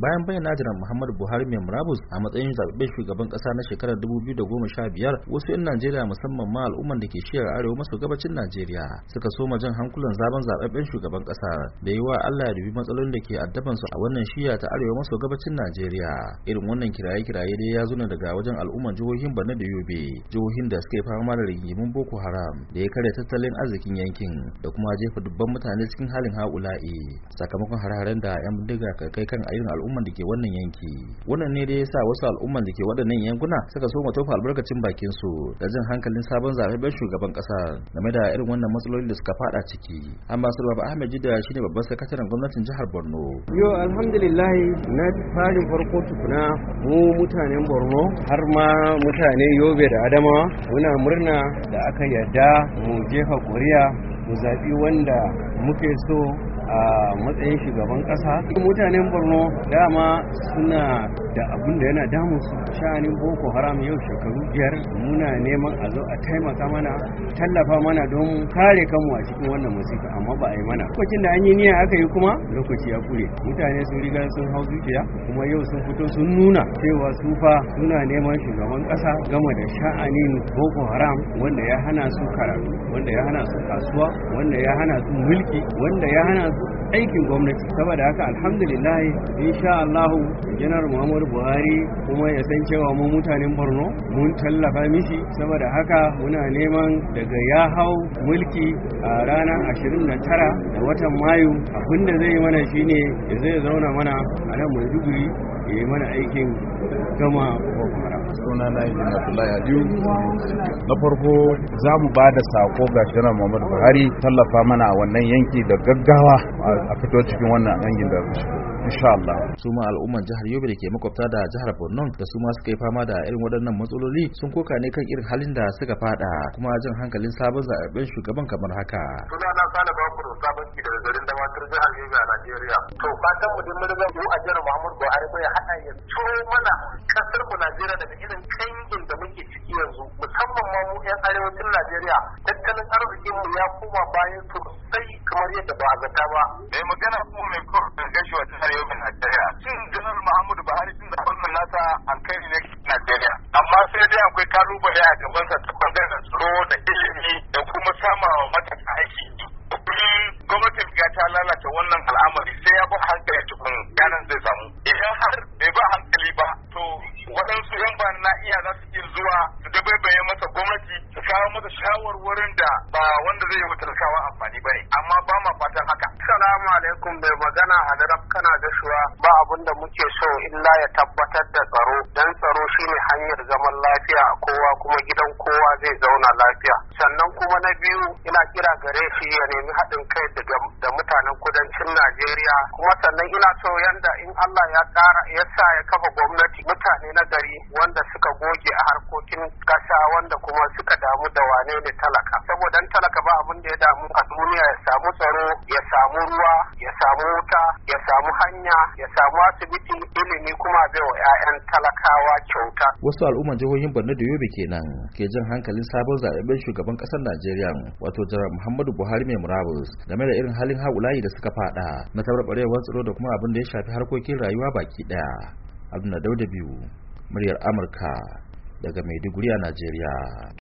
bayan bayyana jiran Muhammadu Buhari mai murabus a matsayin zaben shugaban ƙasa na shekarar da goma sha biyar, wasu 'yan Najeriya musamman ma al'umman da ke shiyar arewa maso gabacin Najeriya suka soma jan hankulan zaben zaɓen shugaban ƙasa, da yi wa Allah ya dubi matsalolin da ke addaban su a wannan shiya ta arewa maso gabacin Najeriya irin wannan kiraye-kiraye dai ya zuna daga wajen al'umman jihohin Borno da Yobe jihohin da suke fama da rigimin Boko Haram da ya karya tattalin arzikin yankin da kuma jefa dubban mutane cikin halin haula'i sakamakon hare-haren da 'yan bindiga kai kan ayyukan al'umma al'umman da ke wannan yanki wannan ne da ya sa wasu al'umman da ke waɗannan yankuna suka so mu tofa albarkacin bakin su da jin hankalin sabon zaɓen shugaban ƙasa game da irin wannan matsalolin da suka fada ciki amma baba ahmed jida shine babban sakataren gwamnatin jihar borno yo alhamdulillah na farin farko tukuna mu mutanen borno har ma mutane yobe da adamawa muna murna da aka yarda mu jefa kuriya mu zaɓi wanda muke so a matsayin shugaban ƙasa mutanen borno dama suna da abin da yana damun su sha'anin boko haram yau shekaru biyar muna neman a zo a taimaka mana tallafa mana don kare kanmu a cikin wannan musika amma ba a yi mana lokacin da an yi niyya aka yi kuma lokaci ya kure mutane sun riga sun hau zuciya kuma yau sun fito sun nuna cewa su fa suna neman shugaban kasa gama da sha'anin boko haram wanda ya hana su karatu wanda ya hana su kasuwa wanda ya hana su mulki wanda ya hana su aikin gwamnati saboda haka alhamdulillah insha Allah janar Muhammadu Buhari kuma ya san cewa mu mutanen Borno mun tallafa mishi saboda haka muna neman daga ya hau mulki a ranar 29 da watan Mayu abinda zai mana shine zai zauna mana a nan Maiduguri ya yi mana aikin gama Boko suna na yi Abdullahi na farko za mu ba da sako ga Janar Muhammadu Buhari tallafa mana a wannan yanki da gaggawa a fito cikin wannan hangin da insha Allah su ma al'umman jihar Yobe da ke makwabta da jihar Borno da su ma suka yi fama da irin waɗannan matsaloli sun koka ne kan irin halin da suka fada kuma jin hankalin sabon zaɓen shugaban kamar haka sunana Sale Bakuru sabon ki daga garin Damatur jihar Yobe a Najeriya to fatan mu din mun ga mu a jihar Muhammadu Buhari ya hada ya ciro mana kasar mu Najeriya daga irin 'yan arewacin Najeriya tattalin arzikin mu ya koma bayan sosai kamar yadda ba a zata ba. Mai magana kuma mai da gashi wa tare arewacin Najeriya. Shin Janar Muhammadu Buhari sun da wannan nasa alkhairi ne Najeriya. Amma sai dai akwai kalubale a gabansa ta bangaren tsaro da ilimi da kuma sama wa matasa aiki. Gwamnatin ga ta lalata wannan al'amari sai ya bi hankali tukun wanda zai yi wa talakawa amfani ba ne amma ba ma fatan haka. Salamu alaikum bai magana hadarar kana gashuwa ba abin da muke so illa ya tabbatar da tsaro dan tsaro shine hanyar zaman lafiya kowa kuma gidan kowa zai zauna lafiya sannan kuma na biyu ina kira gare shi ya nemi haɗin kai da mutanen kudancin Najeriya kuma sannan ina so yanda in Allah ya ƙara ya sa ya kafa gwamnati mutane na gari wanda suka goge a harkokin ƙasa wanda kuma suka damu da wane ne talaka talaka ba abin da ya damu a duniya ya samu tsaro ya samu ruwa ya samu wuta ya samu hanya ya samu asibiti ilimi kuma bai wa 'ya'yan talakawa kyauta wasu al'umman jihohin borno da yobe kenan ke jin hankalin sabon zaɓen shugaban ƙasar najeriya wato jiran muhammadu buhari mai murabus game da irin halin haulayi da suka faɗa, na tabarbarewar tsaro da kuma abin da ya shafi harkokin rayuwa baki ɗaya abdulna dauda biyu muryar amurka daga maiduguri a najeriya